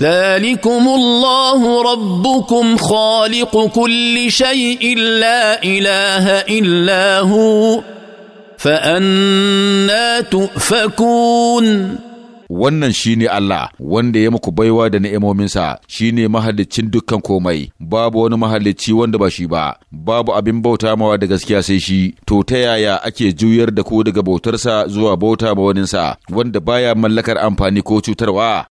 ذلكم الله ربكم خالق كل شيء لا اله الا هو فانا تؤفكون wannan shi ne Allah wanda ya muku baiwa da ni'imominsa ne mahallicin dukkan komai babu wani mahalicci wanda ba shi ba babu abin bauta mawa da gaskiya sai shi to ta yaya ake juyar da ku daga bautarsa zuwa bauta mawaninsa, wanda baya mallakar amfani ko cutarwa